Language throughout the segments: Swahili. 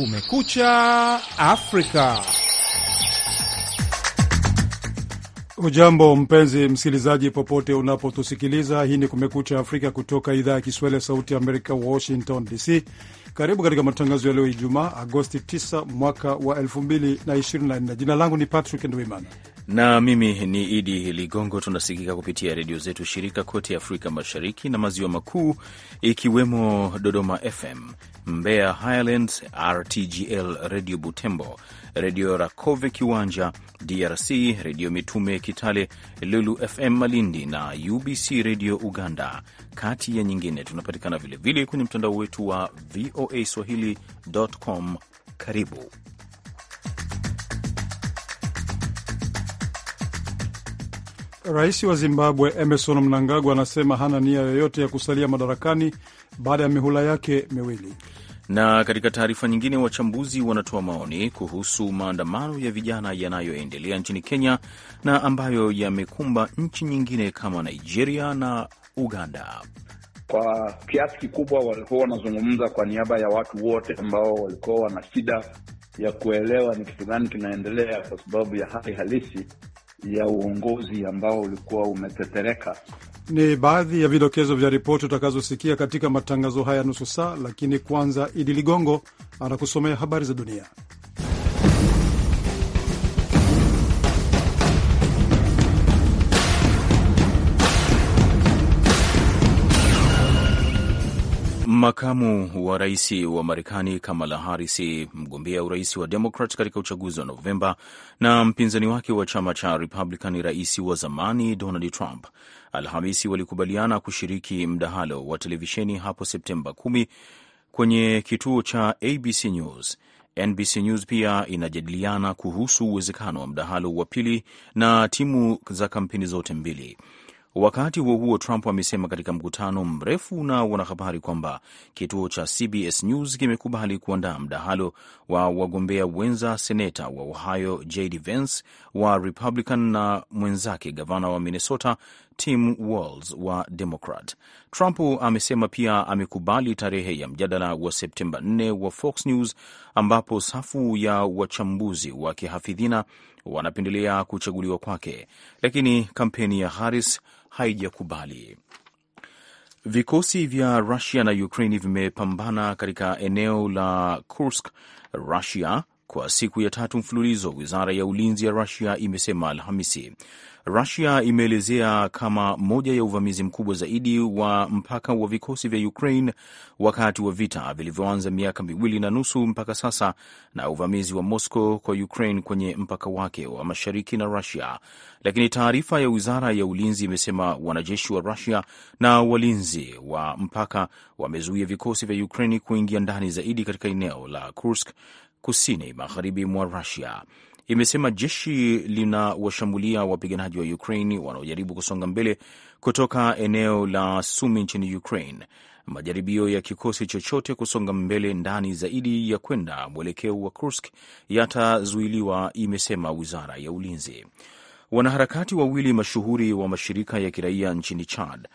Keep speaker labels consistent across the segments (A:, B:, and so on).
A: Kumekucha Afrika. Ujambo mpenzi msikilizaji, popote unapotusikiliza. Hii ni Kumekucha Afrika kutoka idhaa ya Kiswahili ya Sauti ya Amerika, Washington DC. Karibu katika matangazo ya leo Ijumaa, Agosti 9 mwaka wa 2024. Jina langu ni Patrick Ndwimana
B: na mimi ni Idi Ligongo. Tunasikika kupitia redio zetu shirika kote Afrika Mashariki na Maziwa Makuu, ikiwemo Dodoma FM, Mbeya Highlands, RTGL Redio Butembo, Redio Rakove Kiwanja DRC, Redio Mitume Kitale, Lulu FM Malindi na UBC Redio Uganda, kati ya nyingine. Tunapatikana vilevile kwenye mtandao wetu wa VOA Swahili.com. Karibu
A: Rais wa Zimbabwe Emerson Mnangagwa anasema hana nia yoyote ya kusalia madarakani baada ya mihula yake miwili.
B: Na katika taarifa nyingine, wachambuzi wanatoa maoni kuhusu maandamano ya vijana yanayoendelea nchini Kenya na ambayo yamekumba nchi nyingine kama Nigeria na Uganda.
C: Kwa kiasi kikubwa walikuwa wanazungumza kwa niaba ya watu wote ambao walikuwa wana shida ya kuelewa ni kitu gani kinaendelea, kwa sababu ya hali halisi ya uongozi ambao ulikuwa umetetereka. Ni
A: baadhi ya vidokezo vya ripoti utakazosikia katika matangazo haya nusu saa, lakini kwanza Idi Ligongo anakusomea habari za dunia.
B: Makamu wa rais wa Marekani Kamala Harris, mgombea urais wa Demokrat katika uchaguzi wa Novemba, na mpinzani wake wa chama cha Republican, rais wa zamani Donald Trump, Alhamisi walikubaliana kushiriki mdahalo wa televisheni hapo Septemba 10 kwenye kituo cha ABC News. NBC News pia inajadiliana kuhusu uwezekano wa mdahalo wa pili na timu za kampeni zote mbili. Wakati huo huo, Trump amesema katika mkutano mrefu na wanahabari kwamba kituo cha CBS News kimekubali kuandaa mdahalo wa wagombea wenza, seneta wa Ohio JD Vance wa Republican na mwenzake gavana wa Minnesota Tim Walz wa Democrat. Trump amesema pia amekubali tarehe ya mjadala wa Septemba 4 wa Fox News, ambapo safu ya wachambuzi wa kihafidhina wanapendelea kuchaguliwa kwake, lakini kampeni ya Harris haijakubali. Vikosi vya Rusia na Ukraini vimepambana katika eneo la Kursk, Rusia kwa siku ya tatu mfululizo, wizara ya ulinzi ya Rusia imesema Alhamisi. Rusia imeelezea kama moja ya uvamizi mkubwa zaidi wa mpaka wa vikosi vya Ukraine wakati wa vita vilivyoanza miaka miwili na nusu mpaka sasa, na uvamizi wa Moscow kwa Ukraine kwenye mpaka wake wa mashariki na Rusia. Lakini taarifa ya wizara ya ulinzi imesema wanajeshi wa Rusia na walinzi wa mpaka wamezuia vikosi vya Ukraine kuingia ndani zaidi katika eneo la Kursk kusini magharibi mwa Rusia imesema jeshi linawashambulia wapiganaji wa Ukraine wanaojaribu kusonga mbele kutoka eneo la Sumi nchini Ukraine. Majaribio ya kikosi chochote kusonga mbele ndani zaidi ya kwenda mwelekeo wa Kursk yatazuiliwa, imesema wizara ya ulinzi. Wanaharakati wawili mashuhuri wa mashirika ya kiraia nchini Chad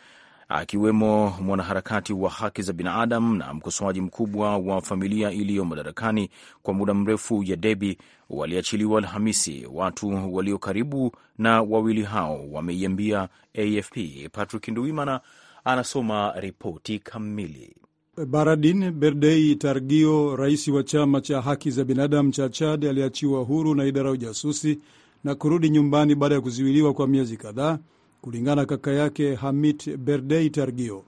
B: akiwemo mwanaharakati wa haki za binadamu na mkosoaji mkubwa wa familia iliyo madarakani kwa muda mrefu ya Debi waliachiliwa Alhamisi. Watu walio karibu na wawili hao wameiambia AFP. Patrick Nduwimana anasoma ripoti kamili.
A: Baradin Berdei Targio, rais wa chama cha haki za binadamu cha Chad, aliachiwa huru na idara ya ujasusi na kurudi nyumbani baada ya kuzuiliwa kwa miezi kadhaa kulingana kaka yake hamit Berdei Targio.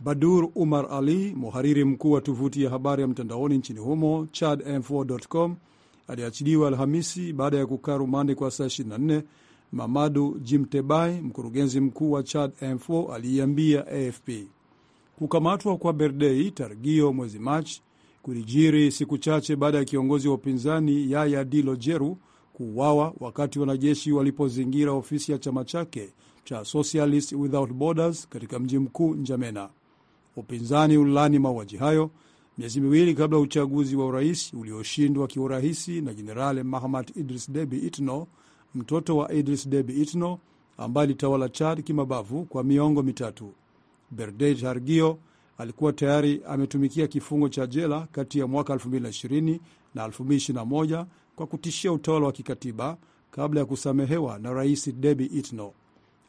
A: Badur Umar Ali, muhariri mkuu wa tovuti ya habari ya mtandaoni nchini humo cham4com aliachiliwa Alhamisi baada ya kukaa rumande kwa saa 24. Mamadu Jimtebai, mkurugenzi mkuu wa Chad M4, aliiambia AFP kukamatwa kwa Berdei Targio mwezi Machi kulijiri siku chache baada ya kiongozi wa upinzani Yaya Dilo Jeru kuuawa wakati wanajeshi walipozingira ofisi ya chama chake cha Socialist Without Borders katika mji mkuu Njamena. Upinzani ulilani mauaji hayo miezi miwili kabla ya uchaguzi wa urais ulioshindwa kiurahisi na Jenerali Mahamat Idris Debi Itno, mtoto wa Idris Debi Itno ambaye alitawala Chad kimabavu kwa miongo mitatu. Berdej Hargio alikuwa tayari ametumikia kifungo cha jela kati ya mwaka 2020 na 2021 kwa kutishia utawala wa kikatiba kabla ya kusamehewa na Rais Debi Itno.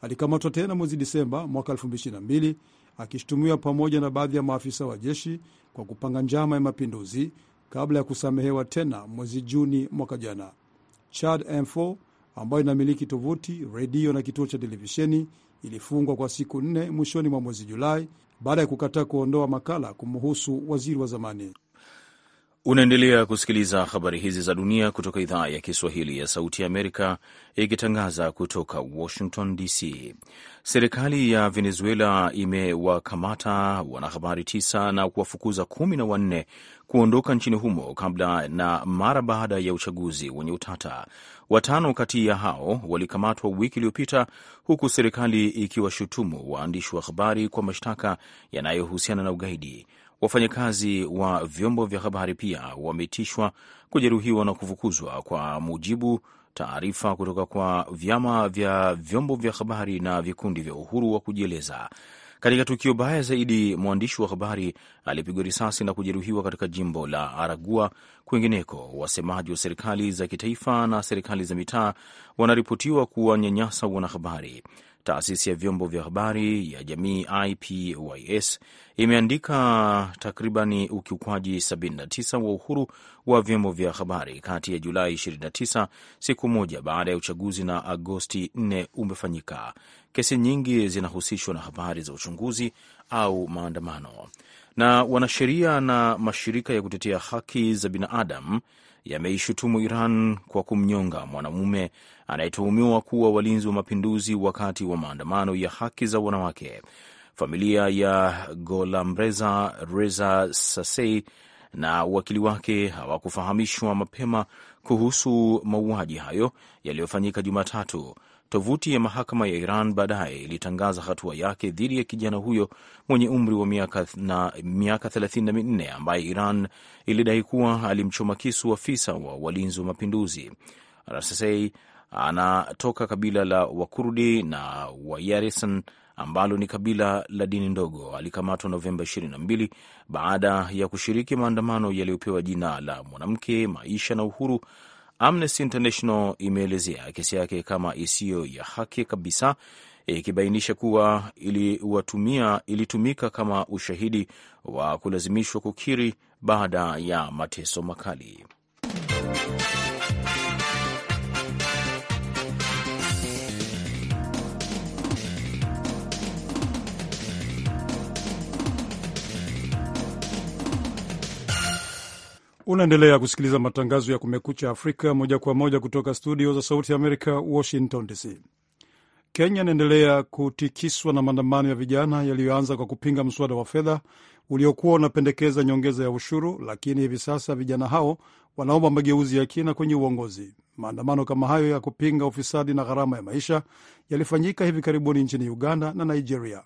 A: Alikamatwa tena mwezi Disemba mwaka 2022 akishutumiwa pamoja na baadhi ya maafisa wa jeshi kwa kupanga njama ya mapinduzi kabla ya kusamehewa tena mwezi Juni mwaka jana. Chad M4 ambayo inamiliki tovuti, redio na kituo cha televisheni ilifungwa kwa siku nne mwishoni mwa mwezi Julai baada ya kukataa kuondoa makala kumhusu waziri wa zamani.
B: Unaendelea kusikiliza habari hizi za dunia kutoka idhaa ya Kiswahili ya Sauti ya Amerika ikitangaza kutoka Washington DC. Serikali ya Venezuela imewakamata wanahabari tisa na kuwafukuza kumi na wanne kuondoka nchini humo kabla na mara baada ya uchaguzi wenye utata. Watano kati ya hao walikamatwa wiki iliyopita, huku serikali ikiwashutumu waandishi wa habari kwa mashtaka yanayohusiana na ugaidi. Wafanyakazi wa vyombo vya habari pia wametishwa, kujeruhiwa na kufukuzwa, kwa mujibu taarifa kutoka kwa vyama vya vyombo vya habari na vikundi vya uhuru wa kujieleza. Katika tukio baya zaidi, mwandishi wa habari alipigwa risasi na kujeruhiwa katika jimbo la Aragua. Kwingineko, wasemaji wa serikali za kitaifa na serikali za mitaa wanaripotiwa kuwanyanyasa wanahabari. Taasisi ya vyombo vya habari ya jamii IPYS imeandika takribani ukiukwaji 79 wa uhuru wa vyombo vya habari kati ya Julai 29, siku moja baada ya uchaguzi, na Agosti 4 umefanyika. Kesi nyingi zinahusishwa na habari za uchunguzi au maandamano, na wanasheria na mashirika ya kutetea haki za binadamu yameishutumu Iran kwa kumnyonga mwanamume anayetuhumiwa kuwa walinzi wa mapinduzi wakati wa maandamano ya haki za wanawake. Familia ya Golamreza Reza Sasei na wakili wake hawakufahamishwa mapema kuhusu mauaji hayo yaliyofanyika Jumatatu, Tovuti ya mahakama ya Iran baadaye ilitangaza hatua yake dhidi ya kijana huyo mwenye umri wa miaka na miaka 34 ambaye Iran ilidai kuwa alimchoma kisu afisa wa walinzi wa mapinduzi. Rassei anatoka kabila la Wakurdi na Wayarisan ambalo ni kabila la dini ndogo. Alikamatwa Novemba 22 baada ya kushiriki maandamano yaliyopewa jina la mwanamke, maisha na uhuru, Amnesty International imeelezea kesi yake kama isiyo ya haki kabisa, ikibainisha kuwa iliwatumia, ilitumika kama ushahidi wa kulazimishwa kukiri baada ya mateso makali.
A: Unaendelea kusikiliza matangazo ya Kumekucha Afrika moja kwa moja kutoka studio za Sauti ya Amerika, Washington DC. Kenya inaendelea kutikiswa na maandamano ya vijana yaliyoanza kwa kupinga mswada wa fedha uliokuwa unapendekeza nyongeza ya ushuru, lakini hivi sasa vijana hao wanaomba mageuzi ya kina kwenye uongozi. Maandamano kama hayo ya kupinga ufisadi na gharama ya maisha yalifanyika hivi karibuni nchini Uganda na Nigeria.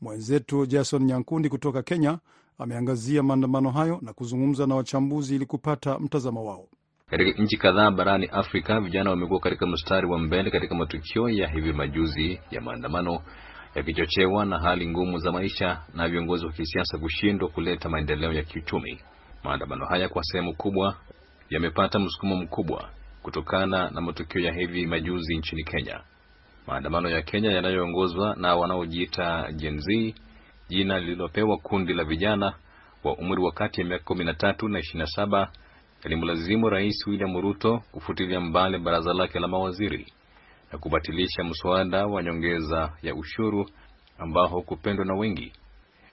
A: Mwenzetu Jason Nyankundi kutoka Kenya ameangazia maandamano hayo na kuzungumza na wachambuzi ili kupata mtazamo wao.
C: Katika nchi kadhaa barani Afrika, vijana wamekuwa katika mstari wa mbele katika matukio ya hivi majuzi ya maandamano yakichochewa na hali ngumu za maisha na viongozi wa kisiasa kushindwa kuleta maendeleo ya kiuchumi. Maandamano haya kwa sehemu kubwa yamepata msukumo mkubwa kutokana na matukio ya hivi majuzi nchini Kenya. Maandamano ya Kenya yanayoongozwa na wanaojiita Gen Z jina lililopewa kundi la vijana wa umri wa kati ya miaka 13 na 27 yalimlazimu Rais William Ruto kufutilia mbali baraza lake la mawaziri na kubatilisha mswada wa nyongeza ya ushuru ambao kupendwa na wengi.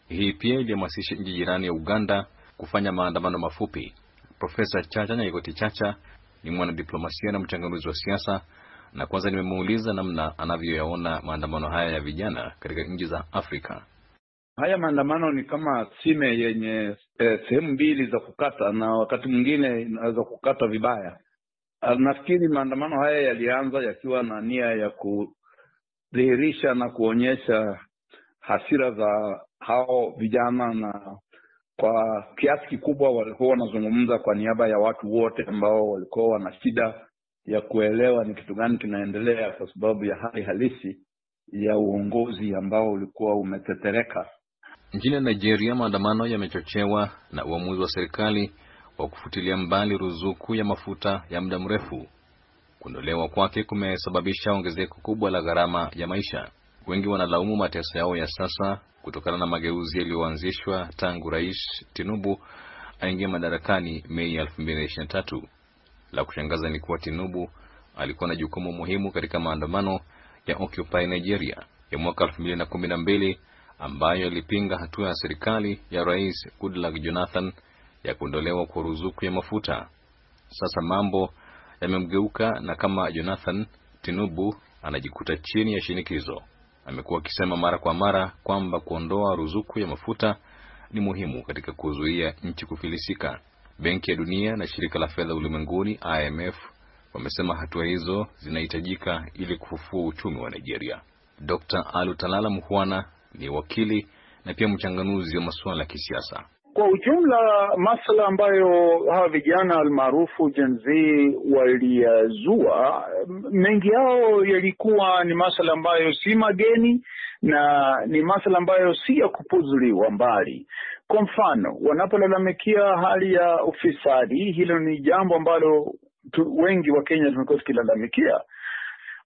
C: Hii pia ilihamasisha nchi jirani ya Uganda kufanya maandamano mafupi. Profesa Chacha Nyaigoti Chacha ni mwanadiplomasia na mchanganuzi wa siasa, na kwanza nimemuuliza namna anavyoyaona maandamano haya ya vijana katika nchi za Afrika. Haya maandamano ni kama sime yenye e, sehemu mbili za kukata na wakati mwingine inaweza kukata vibaya. Ah, nafikiri maandamano haya yalianza yakiwa na nia ya kudhihirisha na kuonyesha hasira za hao vijana, na kwa kiasi kikubwa walikuwa wanazungumza kwa niaba ya watu wote ambao walikuwa wana shida ya kuelewa ni kitu gani kinaendelea, kwa sababu ya hali halisi ya uongozi ambao ulikuwa umetetereka. Nchini Nigeria maandamano yamechochewa na uamuzi wa serikali wa kufutilia mbali ruzuku ya mafuta ya muda mrefu. Kuondolewa kwake kumesababisha ongezeko kubwa la gharama ya maisha. Wengi wanalaumu mateso yao ya sasa kutokana na mageuzi yaliyoanzishwa tangu Rais Tinubu aingia madarakani Mei 2023. La kushangaza ni kuwa Tinubu alikuwa na jukumu muhimu katika maandamano ya Occupy Nigeria ya mwaka 2012 ambayo ilipinga hatua ya serikali ya Rais Goodluck Jonathan ya kuondolewa kwa ruzuku ya mafuta. Sasa mambo yamemgeuka, na kama Jonathan Tinubu anajikuta chini ya shinikizo. Amekuwa akisema mara kwa mara kwamba kuondoa ruzuku ya mafuta ni muhimu katika kuzuia nchi kufilisika. Benki ya Dunia na Shirika la Fedha Ulimwenguni IMF wamesema hatua hizo zinahitajika ili kufufua uchumi wa Nigeria. Dr. Alutalala Muhwana ni wakili na pia mchanganuzi wa masuala ya kisiasa.
A: Kwa ujumla, masuala ambayo hawa vijana almaarufu Gen Z waliyazua, mengi yao yalikuwa ni masuala ambayo si mageni na ni masuala ambayo si ya kupuzuliwa mbali. Kwa mfano, wanapolalamikia hali ya ufisadi, hilo ni jambo ambalo wengi wa Kenya tumekuwa tukilalamikia,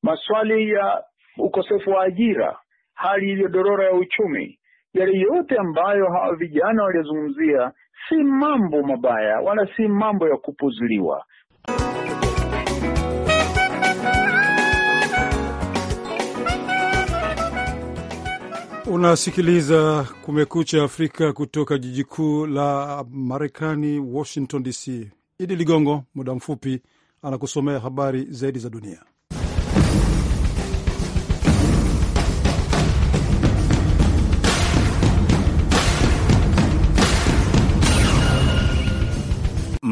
A: maswali ya ukosefu wa ajira hali iliyo dorora ya uchumi.
B: Yale yote ambayo hawa vijana waliyozungumzia si mambo mabaya wala si mambo ya kupuzuliwa.
A: Unasikiliza Kumekucha Afrika kutoka jiji kuu la Marekani, Washington DC. Idi Ligongo muda mfupi anakusomea habari zaidi za dunia.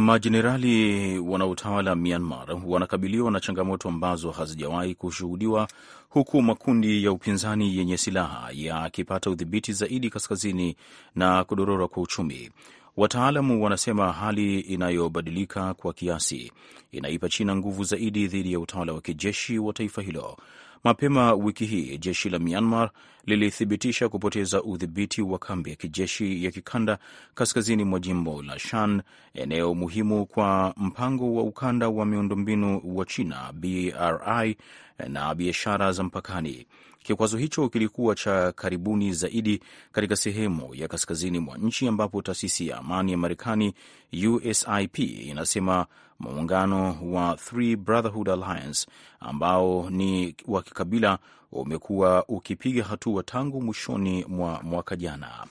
B: Majenerali wanaotawala Myanmar wanakabiliwa na changamoto ambazo hazijawahi kushuhudiwa huku makundi ya upinzani yenye silaha yakipata udhibiti zaidi kaskazini na kudorora kwa uchumi. Wataalamu wanasema hali inayobadilika kwa kiasi inaipa China nguvu zaidi dhidi ya utawala wa kijeshi wa taifa hilo. Mapema wiki hii jeshi la Myanmar lilithibitisha kupoteza udhibiti wa kambi ya kijeshi ya kikanda kaskazini mwa jimbo la Shan, eneo muhimu kwa mpango wa ukanda wa miundombinu wa China BRI na biashara za mpakani. Kikwazo hicho kilikuwa cha karibuni zaidi katika sehemu ya kaskazini mwa nchi ambapo taasisi ya amani ya Marekani USIP inasema muungano wa Three Brotherhood Alliance ambao ni wa kikabila umekuwa ukipiga hatua tangu mwishoni mwa mwaka jana.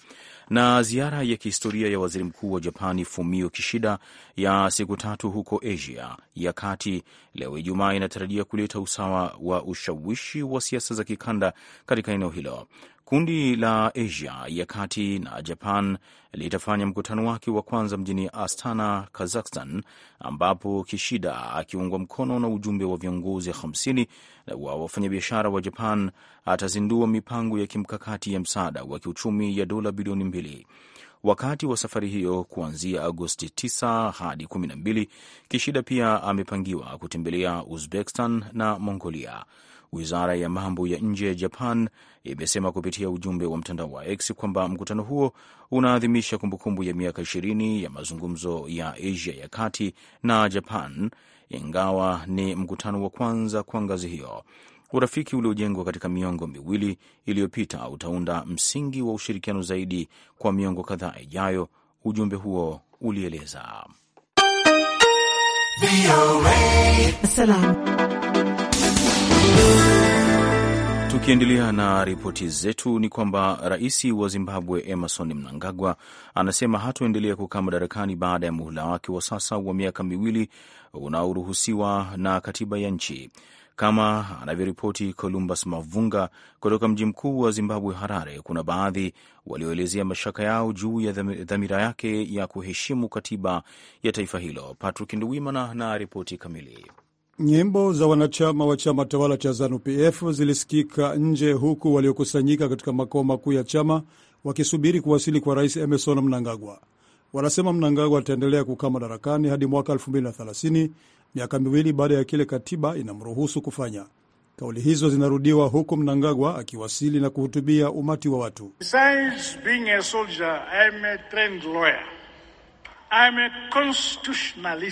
B: Na ziara ya kihistoria ya waziri mkuu wa Japani Fumio Kishida ya siku tatu huko Asia ya kati leo Ijumaa inatarajia kuleta usawa wa ushawishi wa siasa za kikanda katika eneo hilo. Kundi la Asia ya kati na Japan litafanya mkutano wake wa kwanza mjini Astana, Kazakhstan, ambapo Kishida akiungwa mkono na ujumbe wa viongozi 50 wa wafanyabiashara wa Japan atazindua mipango ya kimkakati ya msaada wa kiuchumi ya dola bilioni mbili. Wakati wa safari hiyo kuanzia Agosti 9 hadi 12, Kishida pia amepangiwa kutembelea Uzbekistan na Mongolia. Wizara ya mambo ya nje ya Japan imesema kupitia ujumbe wa mtandao wa X kwamba mkutano huo unaadhimisha kumbukumbu ya miaka ishirini ya mazungumzo ya Asia ya kati na Japan, ingawa ni mkutano wa kwanza kwa ngazi hiyo. Urafiki uliojengwa katika miongo miwili iliyopita utaunda msingi wa ushirikiano zaidi kwa miongo kadhaa ijayo, ujumbe huo ulieleza. Tukiendelea na ripoti zetu ni kwamba rais wa Zimbabwe Emerson Mnangagwa anasema hatoendelea kukaa madarakani baada ya muhula wake wa sasa wa miaka miwili unaoruhusiwa na katiba ya nchi, kama anavyoripoti Columbus Mavunga kutoka mji mkuu wa Zimbabwe, Harare. Kuna baadhi walioelezea mashaka yao juu ya dhamira yake ya kuheshimu katiba ya taifa hilo. Patrick Nduwimana na ripoti kamili.
A: Nyimbo za wanachama wa chama tawala cha ZANUPF zilisikika nje, huku waliokusanyika katika makao makuu ya chama wakisubiri kuwasili kwa Rais Emerson Mnangagwa. Wanasema Mnangagwa ataendelea kukaa madarakani hadi mwaka 2030, miaka miwili baada ya kile katiba inamruhusu kufanya. Kauli hizo zinarudiwa huku Mnangagwa akiwasili na kuhutubia umati wa watu. I'm
C: a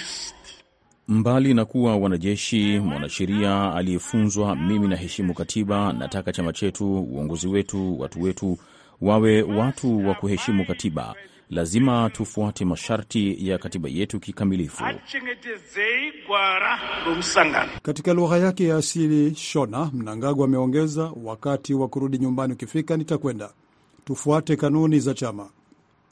B: Mbali na kuwa wanajeshi, mwanasheria aliyefunzwa, mimi naheshimu katiba. Nataka chama chetu, uongozi wetu, watu wetu wawe watu wa kuheshimu katiba. Lazima tufuate masharti ya katiba yetu kikamilifu. Katika lugha yake ya
A: asili Shona, Mnangagwa ameongeza, wakati wa kurudi nyumbani ukifika, nitakwenda. Tufuate kanuni za chama.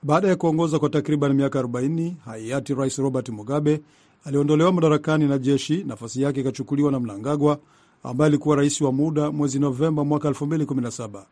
A: Baada ya kuongoza kwa takriban miaka 40, hayati Rais Robert Mugabe aliondolewa madarakani na jeshi, nafasi yake ikachukuliwa na Mnangagwa ambaye alikuwa rais wa muda mwezi Novemba mwaka 2017.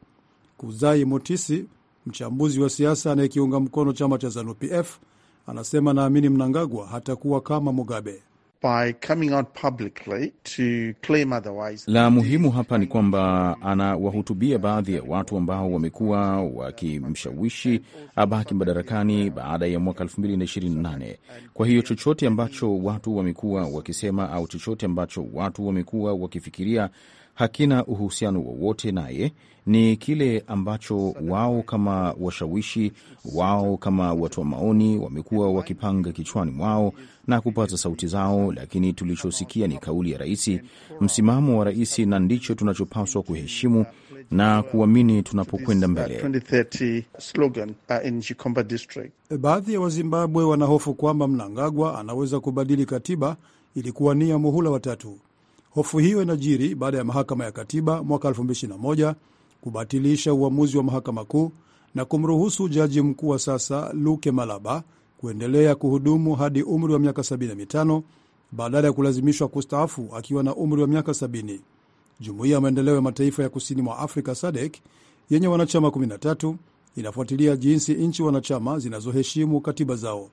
A: Kuzai Motisi, mchambuzi wa siasa anayekiunga mkono chama cha ZANUPF, anasema, anaamini Mnangagwa hatakuwa kama Mugabe. By coming out publicly to claim otherwise.
B: La muhimu hapa ni kwamba anawahutubia baadhi ya watu ambao wamekuwa wakimshawishi abaki madarakani baada ya mwaka 2028. Kwa hiyo chochote ambacho watu wamekuwa wakisema au chochote ambacho watu wamekuwa wakifikiria hakina uhusiano wowote naye, ni kile ambacho wao kama washawishi wao kama watoa maoni wamekuwa wakipanga kichwani mwao na kupata sauti zao, lakini tulichosikia ni kauli ya rais, msimamo wa rais, na ndicho tunachopaswa kuheshimu na kuamini tunapokwenda uh, mbele.
A: Uh, Baadhi ya Wazimbabwe wanahofu kwamba Mnangagwa anaweza kubadili katiba ili kuwania muhula watatu. Hofu hiyo inajiri baada ya mahakama ya katiba mwaka 2021 kubatilisha uamuzi wa mahakama kuu na kumruhusu jaji mkuu wa sasa Luke Malaba kuendelea kuhudumu hadi umri wa miaka 75 badala ya kulazimishwa kustaafu akiwa na umri wa miaka 70. Jumuiya ya Maendeleo ya Mataifa ya Kusini mwa Afrika SADC yenye wanachama 13 inafuatilia jinsi nchi wanachama zinazoheshimu katiba zao.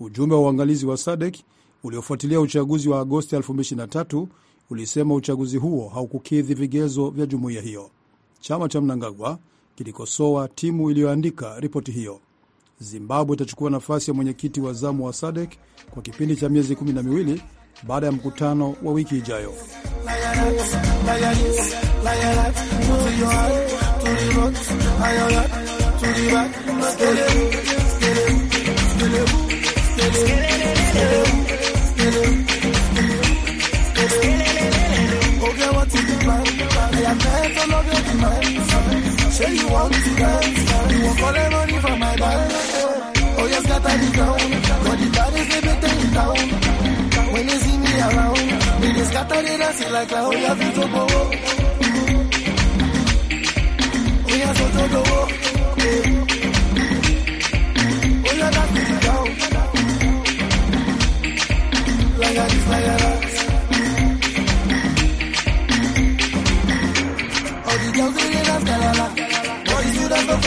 A: Ujumbe wa uangalizi wa SADC uliofuatilia uchaguzi wa Agosti ulisema uchaguzi huo haukukidhi vigezo vya jumuiya hiyo. Chama cha Mnangagwa kilikosoa timu iliyoandika ripoti hiyo. Zimbabwe itachukua nafasi ya mwenyekiti wa zamu wa SADC kwa kipindi cha miezi kumi na miwili baada ya mkutano wa wiki ijayo.
D: Say you want to dance. You want call the money from my dance. Oh, yes, got the ground. But the baddest never take it down. When you see me around, they just got the dance like a whole lot of people.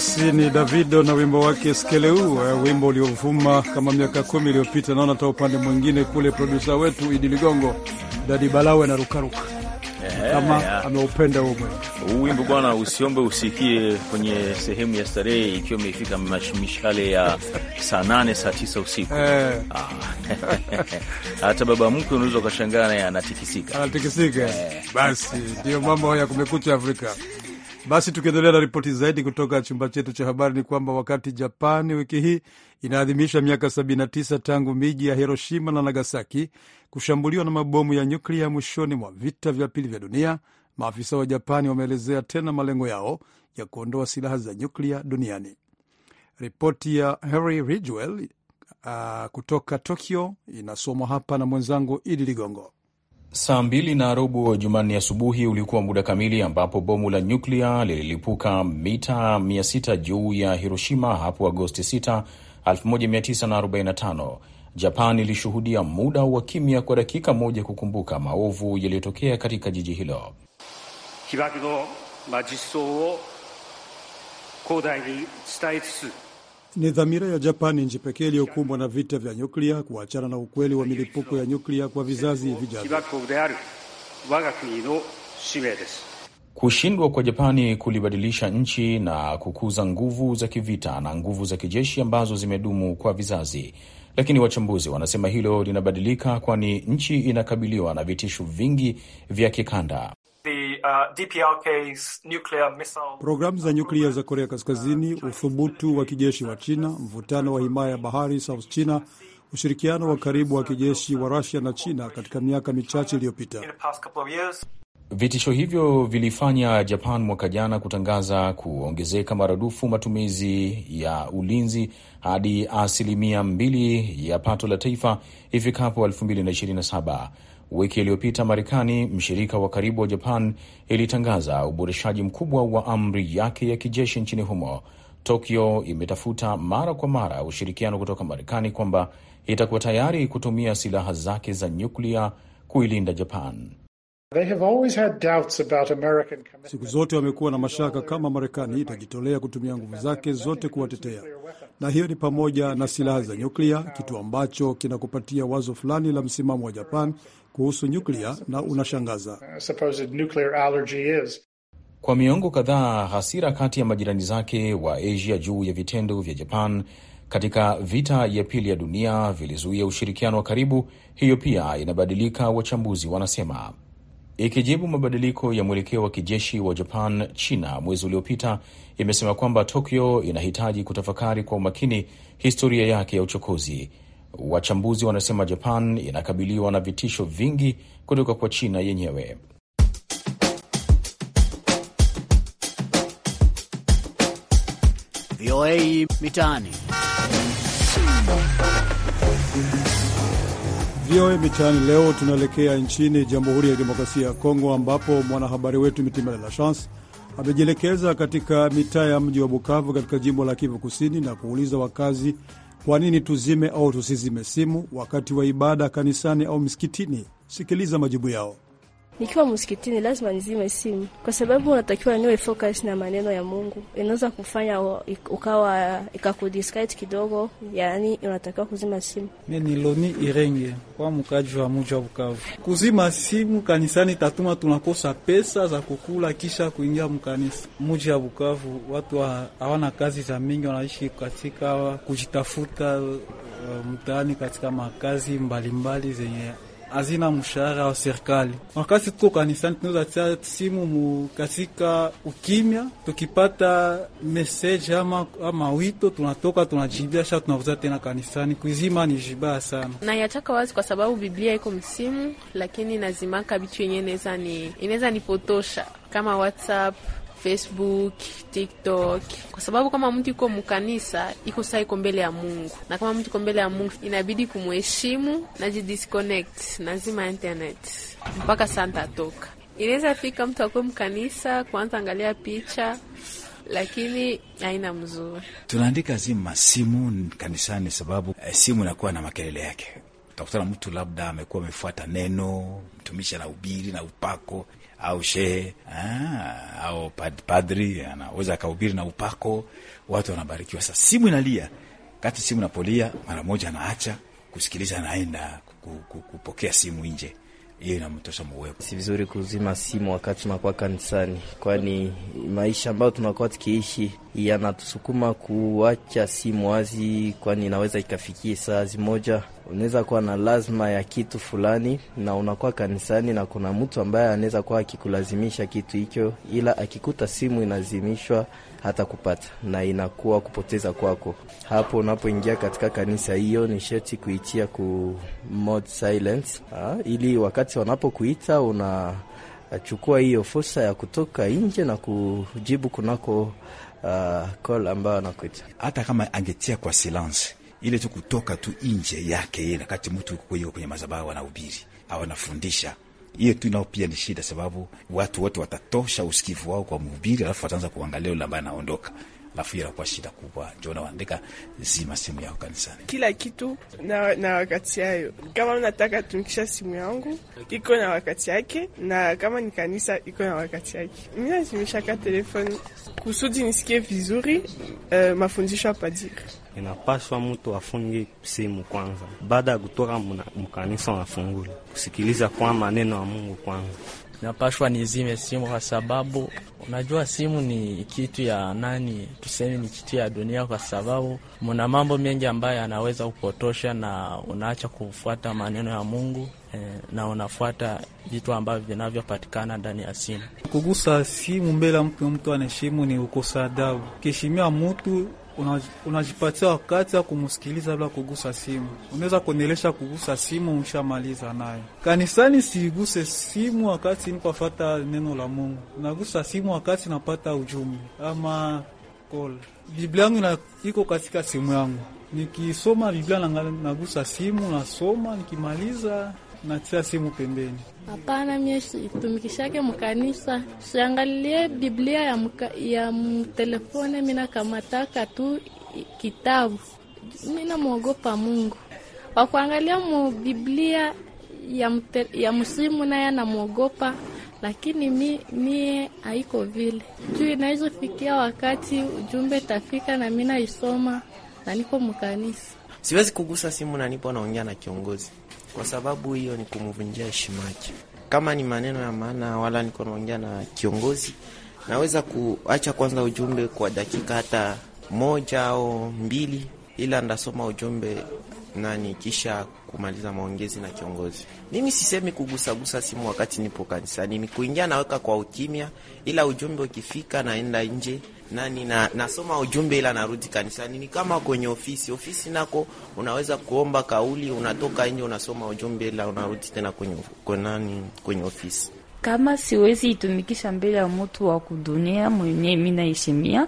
A: basi ni Davido na wimbo wake Skeleu, eh, wimbo uliovuma kama miaka kumi iliyopita. Naona hata upande mwingine kule produsa wetu Idi Ligongo, Dadi Balawe na rukaruka yeah, kama yeah, ameupenda huo
B: huu wimbo bwana. Usiombe usikie kwenye sehemu ya starehe ikiwa imefika mishale ya saa nane saa tisa usiku yeah. Eh. hata baba mkwe unaweza ukashangaa naye anatikisika
A: anatikisika. Yeah. Basi ndiyo mambo ya Kumekucha Afrika. Basi tukiendelea na ripoti zaidi kutoka chumba chetu cha habari ni kwamba wakati Japani wiki hii inaadhimisha miaka 79 tangu miji ya Hiroshima na Nagasaki kushambuliwa na mabomu ya nyuklia mwishoni mwa vita vya pili vya dunia, maafisa wa Japani wameelezea tena malengo yao ya kuondoa silaha za nyuklia duniani. Ripoti ya Harry Ridgwell uh, kutoka Tokyo inasomwa hapa na mwenzangu Idi Ligongo.
B: Saa mbili na robo Jumanne asubuhi ulikuwa muda kamili ambapo bomu la nyuklia lililipuka mita 600 juu ya Hiroshima hapo Agosti 6, 1945. Japan ilishuhudia muda wa kimya kwa dakika moja kukumbuka maovu yaliyotokea katika jiji hilo.
E: Kibaki no majisou o ni tsutsu
B: ni
A: dhamira ya Japani, nchi pekee iliyokumbwa na vita vya nyuklia, kuachana na ukweli wa milipuko ya nyuklia
E: kwa vizazi vijavyo.
B: Kushindwa kwa Japani kulibadilisha nchi na kukuza nguvu za kivita na nguvu za kijeshi ambazo zimedumu kwa vizazi, lakini wachambuzi wanasema hilo linabadilika, kwani nchi inakabiliwa na vitisho vingi vya kikanda. Uh, DPRK's
A: nuclear missile... programu za nyuklia za Korea Kaskazini, uthubutu wa kijeshi wa China, mvutano wa himaya ya bahari South China, ushirikiano wa karibu wa kijeshi wa Rusia na China katika miaka michache iliyopita.
B: Vitisho hivyo vilifanya Japan mwaka jana kutangaza kuongezeka maradufu matumizi ya ulinzi hadi asilimia mbili ya pato la taifa ifikapo 2027. Wiki iliyopita Marekani, mshirika wa karibu wa Japan, ilitangaza uboreshaji mkubwa wa amri yake ya kijeshi nchini humo. Tokyo imetafuta mara kwa mara ushirikiano kutoka Marekani kwamba itakuwa tayari kutumia silaha zake za nyuklia kuilinda Japan.
A: American... siku zote wamekuwa na mashaka kama Marekani itajitolea kutumia nguvu zake zote kuwatetea, na hiyo ni pamoja na silaha za nyuklia, kitu ambacho kinakupatia wazo fulani la msimamo wa Japan kuhusu nyuklia na unashangaza.
D: Uh,
B: Kwa miongo kadhaa, hasira kati ya majirani zake wa Asia juu ya vitendo vya Japan katika vita ya pili ya dunia vilizuia ushirikiano wa karibu. Hiyo pia inabadilika, wachambuzi wanasema. Ikijibu mabadiliko ya mwelekeo wa kijeshi wa Japan, China mwezi uliopita imesema kwamba Tokyo inahitaji kutafakari kwa umakini historia yake ya uchokozi. Wachambuzi wanasema Japan inakabiliwa na vitisho vingi kutoka kwa China yenyewe.
E: VOA Mitaani.
A: VOA Mitaani leo tunaelekea nchini Jamhuri ya Kidemokrasia ya Kongo ambapo mwanahabari wetu Mitima de la Chance amejielekeza katika mitaa ya mji wa Bukavu katika jimbo la Kivu Kusini na kuuliza wakazi kwa nini tuzime au tusizime simu wakati wa ibada kanisani au msikitini. Sikiliza majibu yao.
E: Nikiwa msikitini lazima nizime simu, kwa sababu unatakiwa niwe focus na maneno ya Mungu. Inaweza kufanya ukawa ikakudiskait
D: kidogo, yani unatakiwa kuzima simu.
F: Mi ni Loni Irenge kwa mkaji wa muji wa Bukavu. Kuzima simu kanisani tatuma tunakosa pesa za kukula kisha kuingia mkanisa. Muji ya Bukavu watu hawana kazi za mingi, wanaishi katika kujitafuta eh, mtaani katika makazi mbalimbali zenye hazina mshahara wa serikali. Wakati tuko kanisani, tunaweza simu mu katika ukimya, tukipata message ama, ama wito tunatoka tunajibia, sha tunavuza tena kanisani. Kuizima ni jibaya sana,
E: nayachaka wazi kwa sababu Biblia iko msimu, lakini nazimaka vitu yenye inaweza ni inaweza nipotosha kama WhatsApp Facebook, TikTok, kwa sababu kama mtu iko mkanisa iko saa iko mbele ya Mungu, na kama mtu iko mbele ya Mungu inabidi kumheshimu na jidisconnect, nazima internet mpaka santa toka. Inaweza fika mtu akuwe mkanisa kwanza angalia picha lakini haina mzuri. Tunaandika zima simu kanisani, sababu eh, simu inakuwa na makelele yake. Utakutana mtu labda amekuwa amefuata neno mtumishi na ubiri na upako, au shehe ah, au pad, padri anaweza akahubiri na upako, watu wanabarikiwa. Sasa simu inalia, kati simu napolia, mara moja anaacha kusikiliza, anaenda kupokea simu nje. Hiyo inamtosha mwepo. Si vizuri kuzima simu wakati tunakuwa kanisani, kwani maisha ambayo tunakuwa tukiishi yanatusukuma kuacha simu wazi, kwani inaweza ikafikia saa zimoja unaweza kuwa na lazima ya kitu fulani na unakuwa kanisani na kuna mtu ambaye anaweza kuwa akikulazimisha kitu hicho, ila akikuta simu inazimishwa hata kupata na inakuwa kupoteza kwako. Hapo unapoingia katika kanisa hiyo, ni sheti kuitia ku mode silence, ha, ah, ili wakati wanapokuita unachukua hiyo fursa ya kutoka nje na kujibu kunako uh, call ambayo anakuita, hata kama angetia kwa silence ile tu kutoka tu nje yake yeye, wakati mtu yuko kwenye kwenye madhabahu anahubiri au anafundisha, hiyo tu nao pia ni shida, sababu watu wote watatosha usikivu wao kwa mhubiri, alafu wataanza kuangalia yule ambaye anaondoka nafikiri inakuwa shida kubwa, njo nawaandika zima simu yao kanisani,
D: kila kitu na, na wakati yayo. Kama nataka tumikisha simu yangu iko na wakati yake, na kama ni kanisa iko na wakati yake. Mi nazimishaka telefoni kusudi nisikie vizuri uh, mafundisho ya
E: Inapaswa mtu afunge simu kwanza, baada ya kutoka mkanisa, wanafungula kusikiliza kwa maneno ya Mungu kwanza napashwa nizime simu, kwa sababu unajua simu ni kitu ya nani, tuseme ni kitu ya dunia, kwa sababu muna
B: mambo mengi ambayo anaweza kupotosha, na unaacha kufuata maneno ya Mungu eh, na unafuata vitu ambavyo vinavyopatikana ndani ya simu.
F: Kugusa simu mbele ya mtu anaheshimu ni ukosa adabu. Ukiheshimia mtu unajipatia wakati ya kumsikiliza bila kugusa simu. Unaweza kuendelesha kugusa simu, umshamaliza naye Kanisani siguse simu wakati nikafata neno la Mungu, nagusa simu wakati napata ujumbe ama call. Biblia yangu iko katika simu yangu, nikisoma Biblia nagusa simu, nasoma nikimaliza natia simu pembeni.
C: Hapana, mie situmikishake mkanisa, siangalie Biblia ya, muka, ya mtelefone. kamataka tu kitabu, minamwogopa Mungu. Wakuangalia mu Biblia ya, mte, ya msimu naye anamwogopa, lakini mi, mie haiko vile juu inaizofikia wakati ujumbe tafika na mi naisoma na niko mkanisa,
E: siwezi kugusa simu na nipo naongea na kiongozi kwa sababu hiyo ni kumvunjia heshima yake. Kama ni maneno ya maana, wala niko naongea na kiongozi, naweza kuacha kwanza ujumbe kwa dakika hata moja au mbili, ila ndasoma ujumbe na nikisha kumaliza maongezi na kiongozi. Mimi sisemi kugusagusa simu wakati nipo kanisani, ni kuingia naweka kwa ukimya, ila ujumbe ukifika naenda nje na nina, nasoma ujumbe ila narudi kanisani. Ni kama kwenye ofisi, ofisi nako unaweza kuomba kauli, unatoka nje, unasoma ujumbe ila unarudi tena kwenye, kwenani, kwenye ofisi. Kama siwezi itumikisha mbele ya mtu wa kudunia mwenye naheshimia,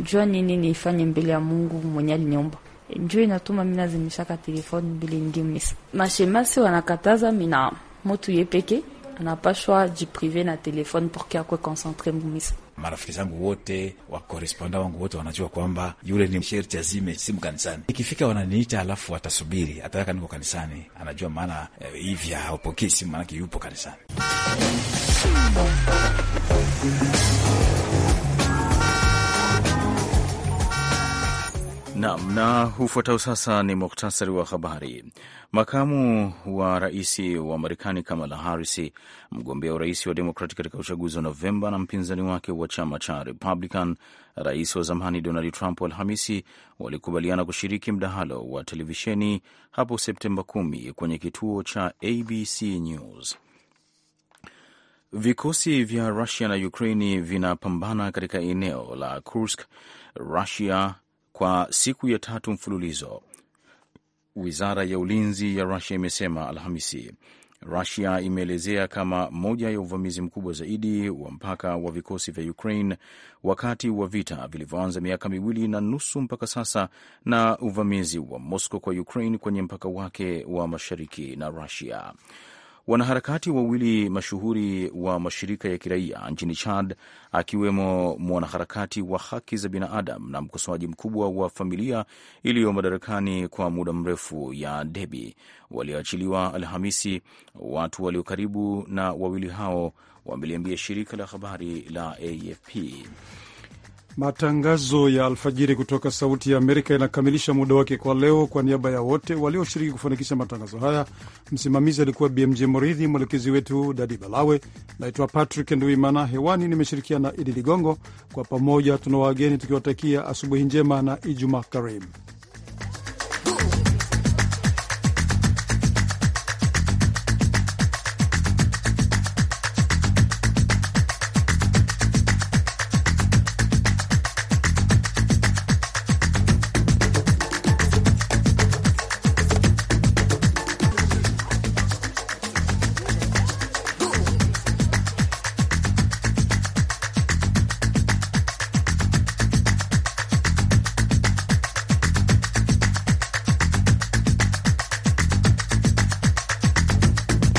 E: jua nini nifanye mbele ya Mungu mwenye aliniumba njo inatuma minazimishaka telefoni mbili ndimisa mashemasi wanakataza mina mutu ye peke anapashwa jiprive na telefone porke akwe konsentre mumisa marafiki zangu wote wakoresponda wangu wote wanajua kwamba yule ni sherti azime simu kanisani. Ikifika wananiita, alafu watasubiri hata niko kanisani, anajua maana hivya eh, haupokei simu maanake yupo kanisani.
B: Naam, na hufuatao sasa ni muhtasari wa habari. Makamu wa rais wa Marekani Kamala Harris, mgombea urais wa Demokrati katika uchaguzi wa Novemba na mpinzani wake wa chama cha Republican, rais wa zamani Donald Trump, Alhamisi walikubaliana kushiriki mdahalo wa televisheni hapo Septemba 10 kwenye kituo cha ABC News. Vikosi vya Rusia na Ukraini vinapambana katika eneo la Kursk. Rusia kwa siku ya tatu mfululizo, wizara ya ulinzi ya Rusia imesema Alhamisi. Rusia imeelezea kama moja ya uvamizi mkubwa zaidi wa mpaka wa vikosi vya Ukraine wakati wa vita vilivyoanza miaka miwili na nusu mpaka sasa, na uvamizi wa Moscow kwa Ukraine kwenye mpaka wake wa mashariki na Rusia. Wanaharakati wawili mashuhuri wa mashirika ya kiraia nchini Chad, akiwemo mwanaharakati wa haki za binadamu na mkosoaji mkubwa wa familia iliyo madarakani kwa muda mrefu ya Debi, walioachiliwa Alhamisi. Watu walio karibu na wawili hao wameliambia shirika la habari la AFP.
A: Matangazo ya alfajiri kutoka Sauti ya Amerika yanakamilisha muda wake kwa leo. Kwa niaba ya wote walioshiriki kufanikisha matangazo haya, msimamizi alikuwa BMJ Moridhi, mwelekezi wetu Dadi Balawe. Naitwa Patrick Nduimana, hewani nimeshirikiana na Idi Ligongo. Kwa pamoja tuna wageni tukiwatakia asubuhi njema na Ijumaa karimu.